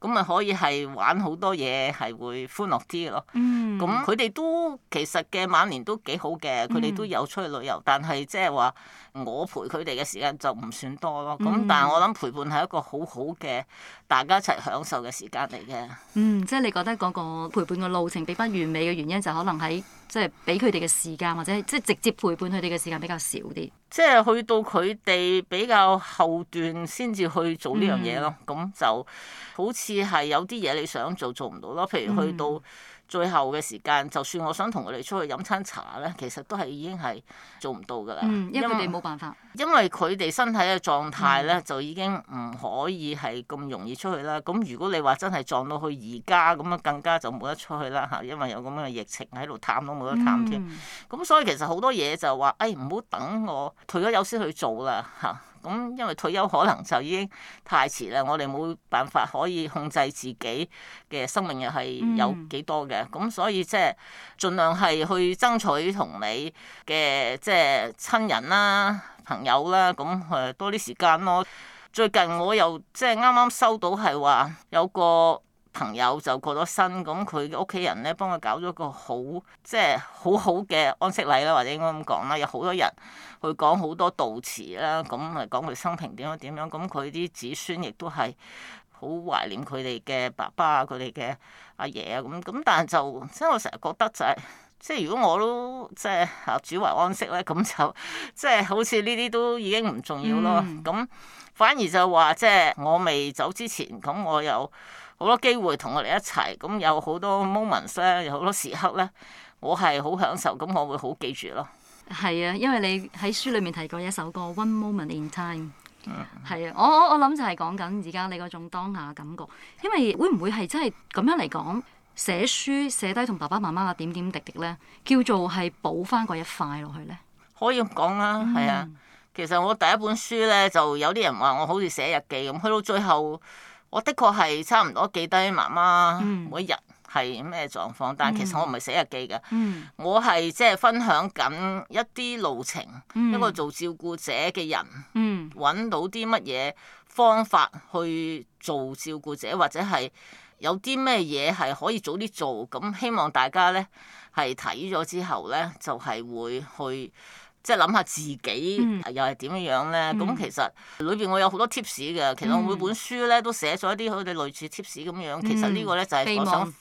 咁咪可以係玩好多嘢，係會歡樂啲嘅咯。嗯，咁佢哋都其實嘅晚年都幾好嘅，佢哋都有出去旅遊，但係即係話。我陪佢哋嘅時間就唔算多咯，咁、嗯、但係我諗陪伴係一個好好嘅大家一齊享受嘅時間嚟嘅。嗯，即係你覺得嗰個陪伴嘅路程並不完，完美嘅原因，就可能喺即係俾佢哋嘅時間，或者即係直接陪伴佢哋嘅時間比較少啲。即係去到佢哋比較後段先至去做呢樣嘢咯，咁、嗯、就好似係有啲嘢你想做做唔到咯，譬如去到。嗯最後嘅時間，就算我想同佢哋出去飲餐茶咧，其實都係已經係做唔到噶啦。嗯，因為佢哋冇辦法，因為佢哋身體嘅狀態咧，就已經唔可以係咁容易出去啦。咁如果你話真係撞到去而家咁啊，更加就冇得出去啦嚇。因為有咁樣嘅疫情喺度，探都冇得探添。咁，嗯，所以其實好多嘢就話，誒，唔好等我退咗休先去做啦嚇。咁因為退休可能就已經太遲啦，我哋冇辦法可以控制自己嘅生命又係有幾多嘅，咁、嗯、所以即係盡量係去爭取同你嘅即係親人啦、朋友啦，咁誒多啲時間咯。最近我又即係啱啱收到係話有個朋友就過咗身，咁佢屋企人咧幫佢搞咗個好即係好好嘅安息禮啦，或者應該咁講啦，有好多人去講好多悼詞啦，咁啊講佢生平點樣點樣，咁佢啲子孫亦都係好懷念佢哋嘅爸爸啊，佢哋嘅阿爺啊咁咁，但係就即係我成日覺得就係、是、即係如果我都即係啊主為安息咧，咁就即係好似呢啲都已經唔重要咯，咁反而就話即係我未走之前，咁我有。好多機會同我哋一齊，咁有好多 moments 咧，有好多時刻咧，我係好享受，咁我會好記住咯。係啊，因為你喺書裏面提過一首歌《One Moment in Time》嗯，係啊，我我我諗就係講緊而家你嗰種當下感覺。因為會唔會係真係咁樣嚟講寫書寫低同爸爸媽媽嘅點點滴滴咧，叫做係補翻嗰一塊落去咧？可以咁講啦，係啊。嗯、其實我第一本書咧，就有啲人話我好似寫日記咁，去到最後。我的確係差唔多記低媽媽每一日係咩狀況，嗯、但其實我唔係寫日記嘅，嗯、我係即係分享緊一啲路程，嗯、一個做照顧者嘅人揾、嗯、到啲乜嘢方法去做照顧者，或者係有啲咩嘢係可以早啲做。咁希望大家呢係睇咗之後呢，就係、是、會去。即係諗下自己又係點樣咧？咁、嗯、其實裏邊我有好多 tips 嘅，嗯、其實我每本書咧都寫咗一啲好似類似 tips 咁樣。嗯、其實呢個咧就係、是、我想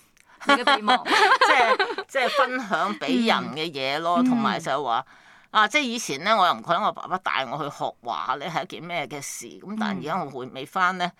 即係即係分享俾人嘅嘢咯，同埋、嗯、就係話啊，即係以前咧我又唔覺得我爸爸帶我去學畫咧係一件咩嘅事咁，但係而家我回味翻咧。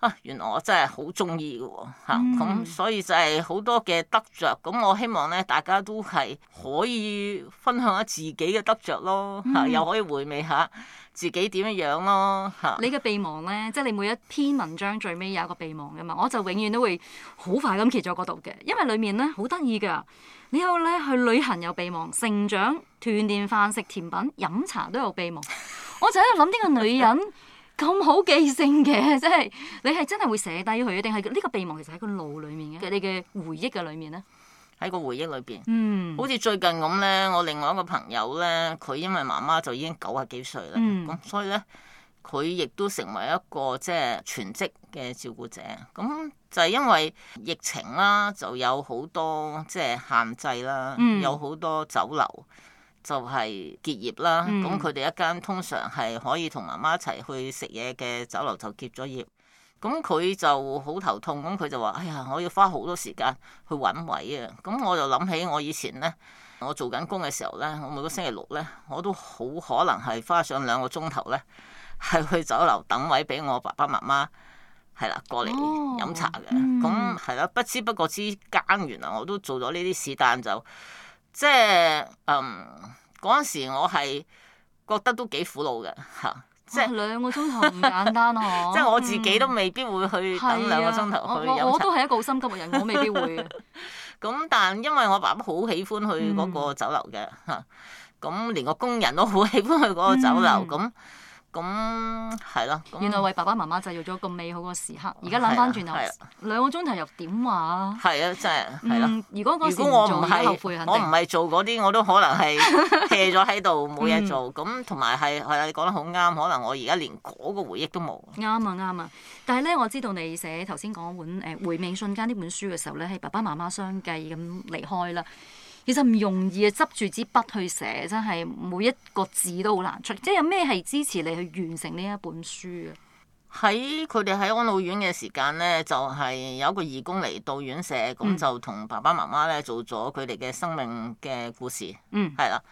啊，原來我真係好中意嘅喎，咁所以就係好多嘅得着。咁我希望咧大家都係可以分享下自己嘅得着咯嚇，啊啊嗯、又可以回味下自己點樣樣咯嚇。啊、你嘅備忘咧，即係你每一篇文章最尾有一個備忘嘅嘛，我就永遠都會好快咁揭咗嗰度嘅，因為裡面咧好得意噶，你有咧去旅行有備忘，成長、團年飯、食、甜品、飲茶都有備忘，我就喺度諗呢個女人。 咁好記性嘅，即係你係真係會寫低佢定係呢個備忘其實喺個腦裡面嘅，佢哋嘅回憶嘅裡面咧，喺個回憶裏邊，嗯，好似最近咁咧，我另外一個朋友咧，佢因為媽媽就已經九十幾歲啦，咁、嗯、所以咧，佢亦都成為一個即係全職嘅照顧者。咁就係因為疫情啦，就有好多即係限制啦，嗯、有好多酒樓。就係結業啦，咁佢哋一間通常係可以同媽媽一齊去食嘢嘅酒樓就結咗業，咁佢就好頭痛，咁佢就話：哎呀，我要花好多時間去揾位啊！咁我就諗起我以前呢，我做緊工嘅時候呢，我每個星期六呢，我都好可能係花上兩個鐘頭呢，係去酒樓等位俾我爸爸媽媽，係啦，過嚟飲茶嘅。咁係啦，不知不覺之間，原來我都做咗呢啲事，但就～即係嗯，嗰陣時我係覺得都幾苦惱嘅吓，即係兩、啊、個鐘頭唔簡單囉！ 即係我自己都未必會去等兩個鐘頭去飲茶，啊、我，我，我都係一個好心急嘅人，我未必會。咁 但因為我爸爸好喜歡去嗰個酒樓嘅吓，咁、嗯啊、連個工人都好喜歡去嗰個酒樓咁。嗯嗯。咁係咯，嗯嗯、原來為爸爸媽媽製造咗咁美好個時刻，而家諗翻轉頭兩個鐘頭又點話啊？係啊，真係。嗯，如果嗰時做，我後悔肯定，我唔係做嗰啲，我都可能係 hea 咗喺度冇嘢做。咁同埋係係啊，你講得好啱。可能我而家連嗰個回憶都冇。啱啊啱啊！但係咧，我知道你寫頭先講本誒《回命瞬間》呢本書嘅時候咧，係爸爸媽媽相繼咁離開啦。其實唔容易啊！執住支筆去寫，真係每一個字都好難出。即係有咩係支持你去完成呢一本書啊？喺佢哋喺安老院嘅時間咧，就係、是、有一個義工嚟到院舍，咁就同爸爸媽媽咧做咗佢哋嘅生命嘅故事，係啦、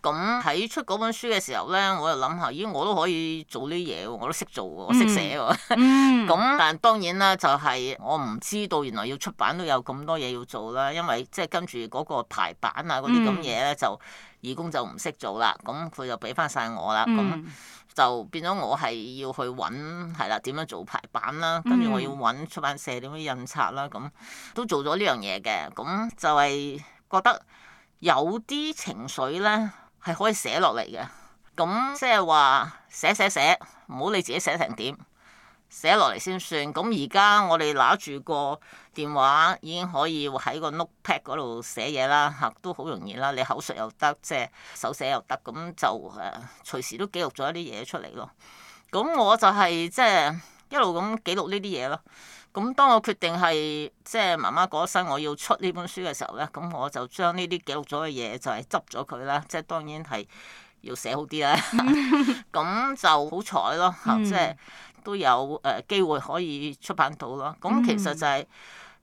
嗯。咁喺、嗯、出嗰本書嘅時候咧，我就諗下，咦，我都可以做呢啲嘢，我都識做，我識寫。咁、嗯嗯、 但係當然啦，就係、是、我唔知道原來要出版都有咁多嘢要做啦，因為即係跟住嗰個排版啊嗰啲咁嘢咧，就義工就唔識做啦。咁佢就俾翻晒我啦。咁、嗯嗯就變咗我係要去揾，係啦，點樣做排版啦，跟住我要揾出版社點樣印刷啦，咁都做咗呢樣嘢嘅。咁就係覺得有啲情緒咧係可以寫落嚟嘅。咁即係話寫寫寫，唔好你自己寫成點，寫落嚟先算。咁而家我哋揦住個電話已經可以喺個 notepad 嗰度寫嘢啦，嚇、啊、都好容易啦。你口述又得，即係手寫又得，咁就誒、呃、隨時都記錄咗一啲嘢出嚟咯。咁我就係、是、即係一路咁記錄呢啲嘢咯。咁當我決定係即係媽媽過身我要出呢本書嘅時候咧，咁我就將呢啲記錄咗嘅嘢就係執咗佢啦。即係當然係要寫好啲啦。咁就好彩咯，嚇即係都有誒機會可以出版到咯。咁、嗯、其實就係、是。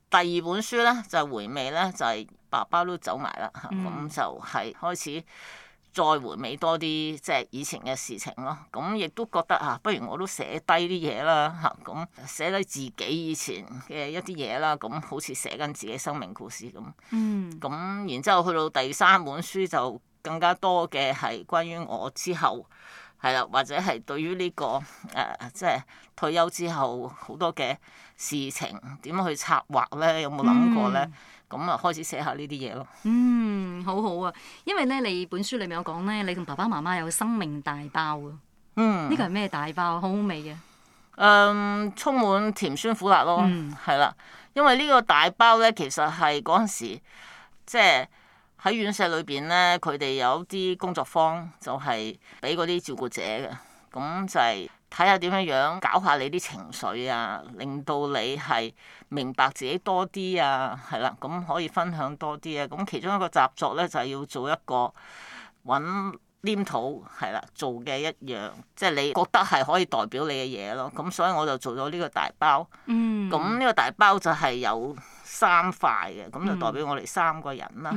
第二本書咧就係、回味咧就係、係、爸爸都走埋啦，咁、嗯、就係開始再回味多啲即係以前嘅事情咯。咁亦都覺得啊，不如我都寫低啲嘢啦，嚇咁寫低自己以前嘅一啲嘢啦。咁好似寫緊自己生命故事咁。嗯。咁然之後去到第三本書就更加多嘅係關於我之後。係啦，或者係對於呢、這個誒、呃，即係退休之後好多嘅事情點樣去策劃咧？有冇諗過咧？咁啊、嗯，就開始寫下呢啲嘢咯。嗯，好好啊，因為咧，你本書裡面有講咧，你同爸爸媽媽有生命大包啊。嗯。呢個係咩大包？好好味嘅。誒、嗯，充滿甜酸苦辣咯。嗯，係啦，因為呢個大包咧，其實係嗰陣時，即係。喺院舍裏邊咧，佢哋有啲工作坊，就係俾嗰啲照顧者嘅，咁就係睇下點樣樣，搞下你啲情緒啊，令到你係明白自己多啲啊，係啦，咁可以分享多啲啊。咁其中一個習作咧，就係、是、要做一個搵黏土，係啦，做嘅一樣，即、就、係、是、你覺得係可以代表你嘅嘢咯。咁所以我就做咗呢個大包，嗯，咁呢個大包就係有。三塊嘅咁就代表我哋三個人啦。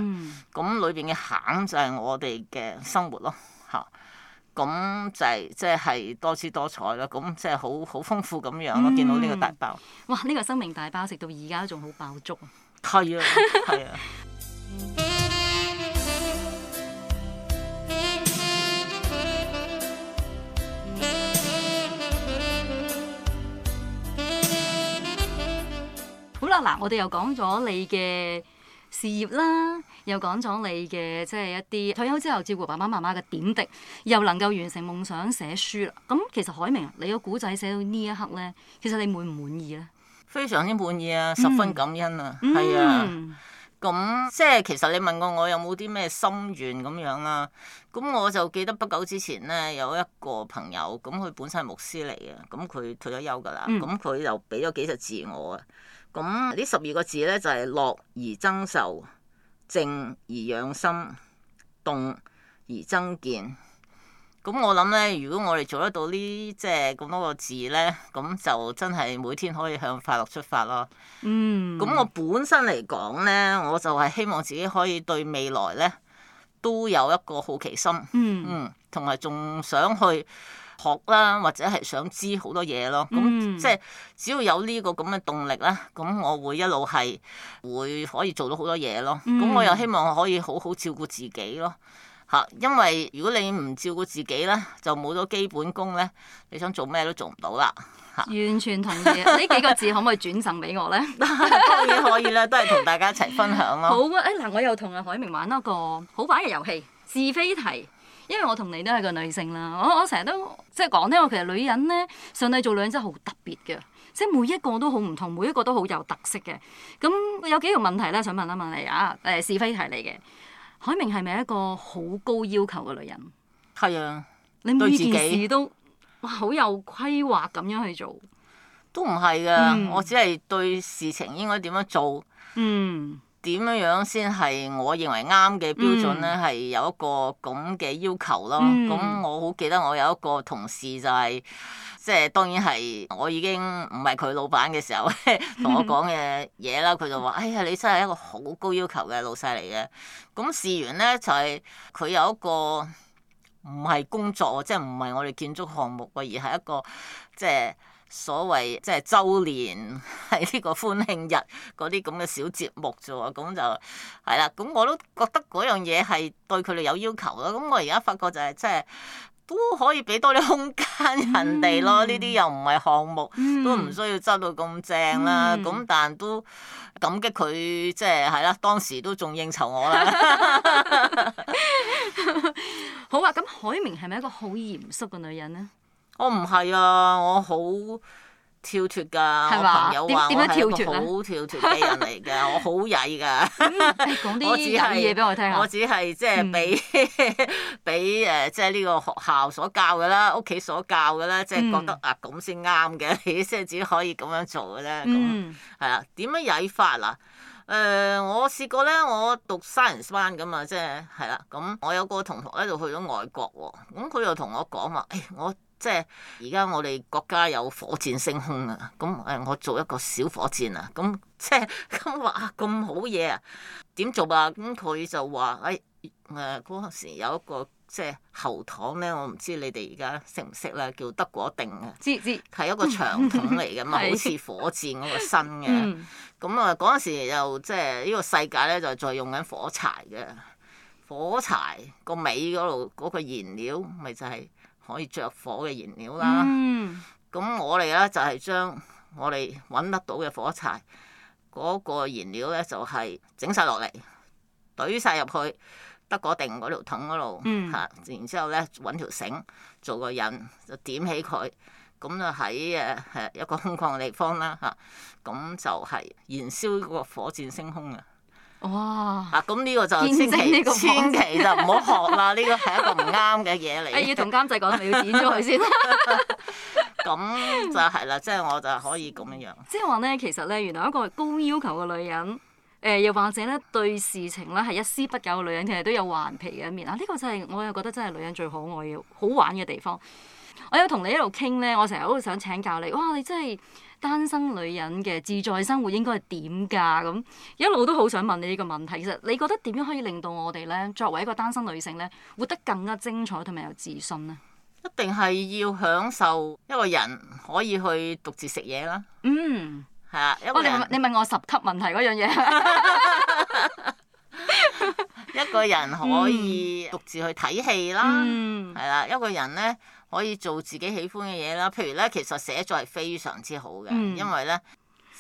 咁裏邊嘅餡就係我哋嘅生活咯。嚇，咁就係即係多姿多彩咯。咁即係好好豐富咁樣咯。嗯、見到呢個大包，哇！呢、呢個生命大包食到而家都仲好爆竹。係啊，係啊。 嗱，我哋又講咗你嘅事業啦，又講咗你嘅即係一啲退休之後照顧爸爸媽媽嘅點滴，又能夠完成夢想寫書啦。咁、嗯、其實海明，你個古仔寫到呢一刻咧，其實你滿唔滿意咧？非常之滿意啊！十分感恩啊！係、嗯、啊，咁即係其實你問過我有冇啲咩心願咁樣啊？咁我就記得不久之前咧有一個朋友咁，佢本身係牧師嚟嘅，咁佢退咗休噶啦，咁佢、嗯、又俾咗幾隻字我啊。咁呢十二個字咧就係樂而增壽，靜而養心，動而增健。咁我諗咧，如果我哋做得到呢，即係咁多個字咧，咁就真係每天可以向快樂出發囉。嗯。咁我本身嚟講咧，我就係希望自己可以對未來咧都有一個好奇心。嗯。嗯，同埋仲想去學啦，或者係想知好多嘢咯。咁、嗯、即係，只要有呢個咁嘅動力咧，咁我會一路係會可以做到好多嘢咯。咁、嗯、我又希望我可以好好照顧自己咯。吓，因為如果你唔照顧自己咧，就冇咗基本功咧，你想做咩都做唔到啦。完全同意。呢 幾個字可唔可以轉贈俾我咧？當 然 可以啦，都係同大家一齊分享咯。好啊，誒嗱，我又同阿海明玩一個好玩嘅遊戲，是非題。因為我同你都係個女性啦，我我成日都即係講呢我其實女人呢，上帝做女人真係好特別嘅，即係每一個都好唔同，每一個都好有特色嘅。咁有幾條問題呢，想問一問你啊。誒是非題嚟嘅，海明係咪一個好高要求嘅女人？係啊，你每件事都對自己，哇好有規劃咁樣去做，都唔係㗎，嗯，我只係對事情應該點樣做。嗯。嗯點樣樣先係我認為啱嘅標準咧？係、嗯、有一個咁嘅要求咯。咁、嗯、我好記得我有一個同事就係、是，即、就、係、是、當然係我已經唔係佢老闆嘅時候同我講嘅嘢啦。佢就話：哎呀，你真係一個好高要求嘅老細嚟嘅。咁事緣咧就係、是、佢有一個唔係工作即係唔係我哋建築項目啊，而係一個即係。就是所謂即係週年係呢個歡慶日嗰啲咁嘅小節目啫喎，咁就係啦。咁我都覺得嗰樣嘢係對佢哋有要求咯。咁我而家發覺就係、是、即係都可以俾多啲空間人哋咯。呢啲、嗯、又唔係項目，嗯、都唔需要執到咁正啦。咁、嗯、但都感激佢即係係啦，當時都仲應酬我啦。 好啊，咁海明係咪一個好嚴肅嘅女人呢？我唔係啊！我好跳脫噶。吧我朋友話我係個好跳脫嘅人嚟噶，吧我好曳噶。講啲曳嘢俾我聽。我只係即係俾俾誒，即係呢個學校所教嘅啦，屋企所教嘅啦，即、就、係、是、覺得、嗯、啊，咁先啱嘅，先只可以咁樣做嘅咧。嗯，係啦。點、啊、樣曳法嗱？誒、呃，我試過咧，我讀 science 班嘅嘛，即係係啦。咁、啊嗯、我有個同學咧，就去咗外國喎。咁佢又同我講話，誒、哎哎、我。即係而家我哋國家有火箭升空啊！咁誒，我做一個小火箭啊！咁即係咁話咁好嘢啊！點做啊？咁佢就話誒誒，嗰陣時有一個即係喉糖咧，我唔知你哋而家識唔識啦，叫德國定啊，知知係一個長筒嚟嘅嘛， 好似火箭嗰個身嘅。咁啊嗰陣時又即係呢個世界咧，就係再用緊火柴嘅火柴個尾嗰度嗰個燃料咪就係。可以着火嘅燃料啦，咁、嗯、我哋咧就係將我哋揾得到嘅火柴嗰、嗰個燃料咧就係整晒落嚟，懟晒入去得果定嗰條桶嗰度吓，嗯、然之後咧揾條繩做個引，就點起佢，咁就喺誒誒一個空曠嘅地方啦吓，咁就係燃燒個火箭升空啊！哇！嗱、啊，咁呢個就千祈，千祈就唔好學啦。呢個係一個唔啱嘅嘢嚟。要同監製講，你要剪咗佢先。咁就係啦，即係我就可以咁樣樣。即係話呢，其實呢，原來一個高要求嘅女人，誒、呃，又或者呢，對事情呢係一絲不苟嘅女人，其實都有頑皮嘅一面。啊，呢、這個就係、是、我又覺得真係女人最可愛嘅、好玩嘅地方。我有同你一路傾呢。我成日都想請教你。哇，你真係～單身女人嘅自在生活應該係點㗎？咁一路都好想問你呢個問題。其實你覺得點樣可以令到我哋咧作為一個單身女性咧活得更加精彩同埋有自信呢？一定係要享受一個人可以去獨自食嘢啦。嗯，係啊。我你，你問我十級問題嗰樣嘢。 一個人可以獨自去睇戲啦。嗯，係啦、啊。一個人咧。可以做自己喜歡嘅嘢啦，譬如咧，其實寫作係非常之好嘅，嗯、因為咧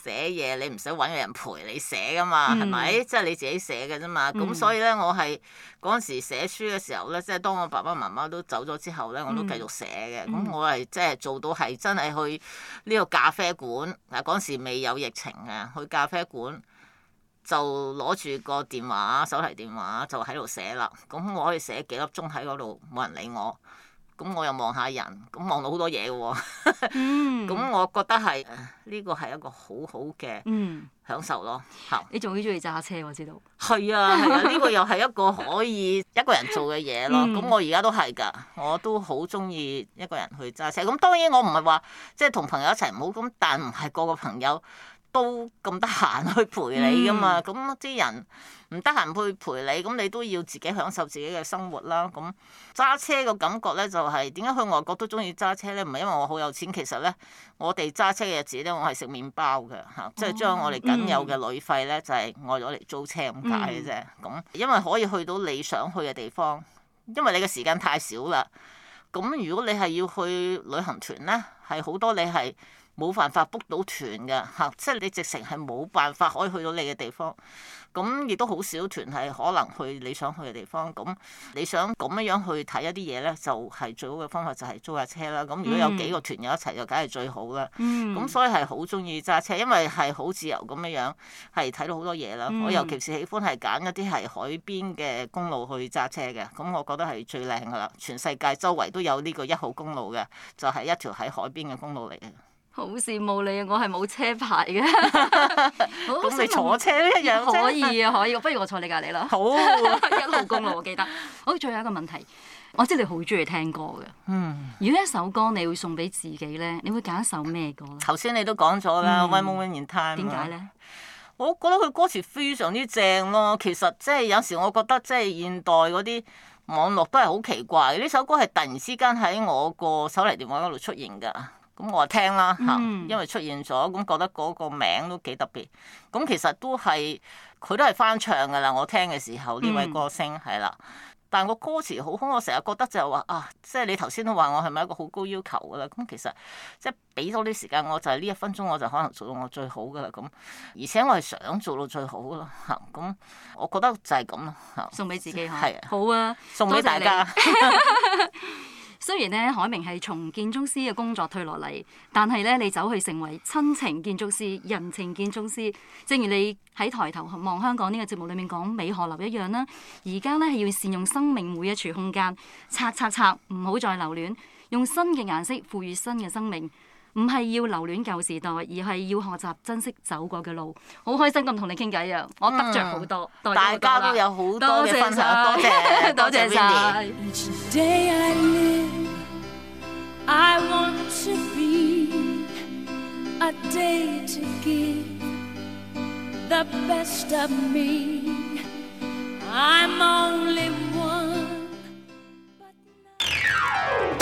寫嘢你唔使搵人陪你寫㗎嘛，係咪、嗯？即係你自己寫嘅啫嘛。咁、嗯、所以咧，我係嗰陣時寫書嘅時候咧，即係當我爸爸媽媽都走咗之後咧，我都繼續寫嘅。咁、嗯、我係即係做到係真係去呢個咖啡館，嗱，係嗰時未有疫情啊，去咖啡館就攞住個電話，手提電話就喺度寫啦。咁我可以寫幾粒鐘喺嗰度，冇人理我。咁我又望下人，咁望到好多嘢嘅喎。咁 我覺得係呢個係一個好好嘅享受咯。嗯、你仲好中意揸車，我知道。係啊，係啊，呢 個又係一個可以一個人做嘅嘢咯。咁、嗯、我而家都係㗎，我都好中意一個人去揸車。咁當然我唔係話即係同朋友一齊唔好咁，但唔係個個朋友都咁得閒去陪你噶嘛？咁、嗯、啲人唔得閒去陪你，咁你都要自己享受自己嘅生活啦。咁揸車個感覺咧、就是，就係點解去外國都中意揸車咧？唔係因為我好有錢，其實咧，我哋揸車嘅日子咧，我係食麪包嘅嚇，即、啊、係、就是、將我哋僅有嘅旅費咧，就係、是、愛咗嚟租車咁解嘅啫。咁、嗯、因為可以去到你想去嘅地方，因為你嘅時間太少啦。咁如果你係要去旅行團咧，係好多你係。冇辦法 book 到團㗎，即係你直程係冇辦法可以去到你嘅地方。咁亦都好少團係可能去你想去嘅地方。咁你想咁樣樣去睇一啲嘢咧，就係最好嘅方法就係租架車啦。咁如果有幾個團友一齊就梗係最好啦。咁所以係好中意揸車，因為係好自由咁樣樣，係睇到好多嘢啦。我尤其是喜歡係揀一啲係海邊嘅公路去揸車嘅。咁我覺得係最靚噶啦，全世界周圍都有呢個一號公路嘅，就係一條喺海邊嘅公路嚟嘅。好羨慕你，我係冇車牌嘅，好 似 坐車都一樣。 問 可以啊，可以，不如我坐你隔離啦。好， 一路公路，我記得。 好，最後一個問題，我知你好中意聽歌嘅。嗯，如果一首歌你會送俾自己咧，你會揀一首咩歌咧？頭先你都講咗啦，嗯《One Moment In Time》點解咧？我覺得佢歌詞非常之正咯。其實即係有時我覺得即係現代嗰啲網絡都係好奇怪。呢首歌係突然之間喺我個手提電話嗰度出現㗎。咁我聽啦嚇，因為出現咗咁覺得嗰個名都幾特別。咁其實都係佢都係翻唱噶啦。我聽嘅時候呢位歌星係啦、嗯，但我歌詞好好，我成日覺得就係話啊，即係你頭先都話我係咪一個好高要求噶啦？咁其實即係俾多啲時間，我就係呢一分鐘我就可能做到我最好噶啦。咁而且我係想做到最好咯嚇。咁我覺得就係咁咯送俾自己嚇。係啊，好啊。的好啊送俾大家。謝 雖然咧，海明係從建築師嘅工作退落嚟，但係咧，你走去成為親情建築師、人情建築師，正如你喺抬頭望香港呢個節目裏面講美河流一樣啦。而家咧係要善用生命每一處空間，拆拆拆，唔好再留戀，用新嘅顏色賦予新嘅生命。唔係要留戀舊時代，而係要學習珍惜走過嘅路。好開心咁同你傾偈啊！我得着好多，嗯、多大家都有好多嘅分享，多謝多謝多謝晒。